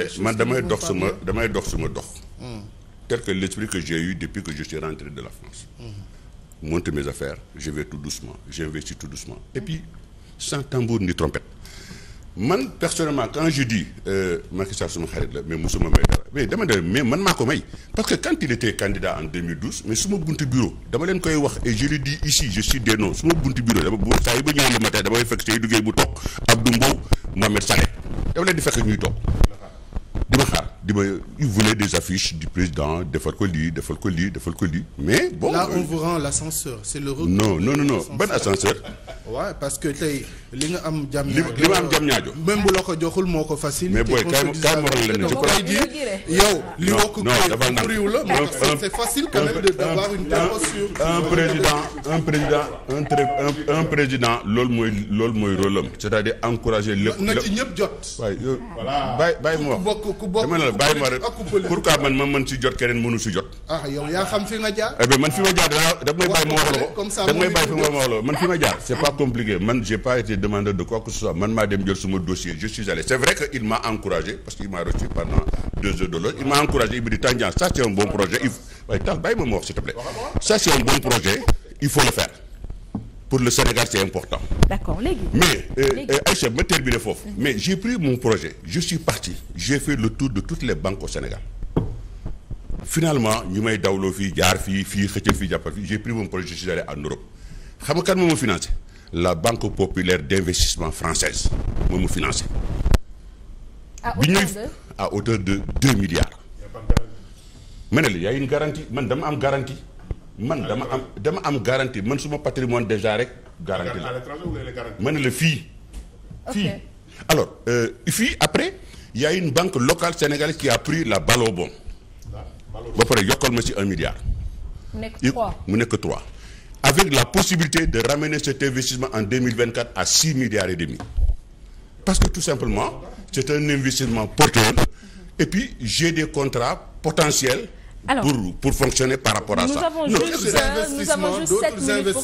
après man damay dox suma damay dox suma dox hmm. tel que l'esprit que j'ai eu depuis que je suis rentré de la France hmm. monte mes affaires je vais tout doucement j'investis tout doucement et puis sans tambour ni trompette man personnellement quand je dis euh, Macky Sall suma xarit la mais musuma may dara mais dama ne mais man maa ko may parce que quand il était candidat en mais suma buntu bureau dama leen koy wax et je le dis ici je suis des noms suma buntu bureau dama bu saa yi ba ñaambu ma tey bu toog Abdou leen di fekk ñuy di ma il voulait des affiches du président defal ko lii defal ko lii defal ko lii mais bon. là on euh, vous rend l'ascenseur c'est le. non non non ban ascenseur. waaw parce que tey li nga am. jam li li ma ñaajo. même bu la ko joxul moo ko facilité. mais booy kaay kaay ma waral leen je yow li wokk kër la moo tax c'est facile quand loolu mooy loolu mooy rôle am. cest à lépp. na ci ñëpp jot. waay yow bàyyi bàyyi ma wax ku bokk ku la bàyyi ma man ma mën si jot keneen mënu si jot. ah yow yaa xam fi nga jaar. Eh man fi ma jaar danaa daf may bàyyi ma wax la ko. daf may bàyyi fi ma wax la ko man fi ma jaar c'est pas compliqué man j'ai pas été demandeur de quoi que ce soit man maa dem jël suma dossier je suis allé c'est vrai que il m'a encouragé parce que il m'a reçu pendant deux heures de il m'a encouragé il m'a dit Tandian ça c'est un bon projet il faut le faire pour le Sénégal c'est important d'accord léegi mais euh, euh, ma terminer foofu mm-hmm. mais j'ai pris mon projet je suis parti j'ai fait le tour de toutes les banques au Sénégal finalement ñu may dawloo fii jaar fii fii xëccal fii jàppal fii j'ai pris mon projet je suis allé en Europe xam la banque populaire d'investissement française moo mu financé. bi ñuy à hauteur de deux milliards. ma ne la y a garanti man dama am garanti man dama am dama am garantie man suma patrimoine déjà rek. garantie la ma ne la fii. fii alors euh, fii après y a banque locale sénégalaise qui a pris la balle au bond. ba pare yokkal ma ci un milliard. mu nekk mu nekk trois. avec la possibilité de ramener cet investissement en 2024 à 6 milliards et demi. Parce que tout simplement, c'est un investissement porteur et puis j'ai des contrats potentiels Alors, pour, pour fonctionner par rapport à ça. nous avons juste 7 minutes pour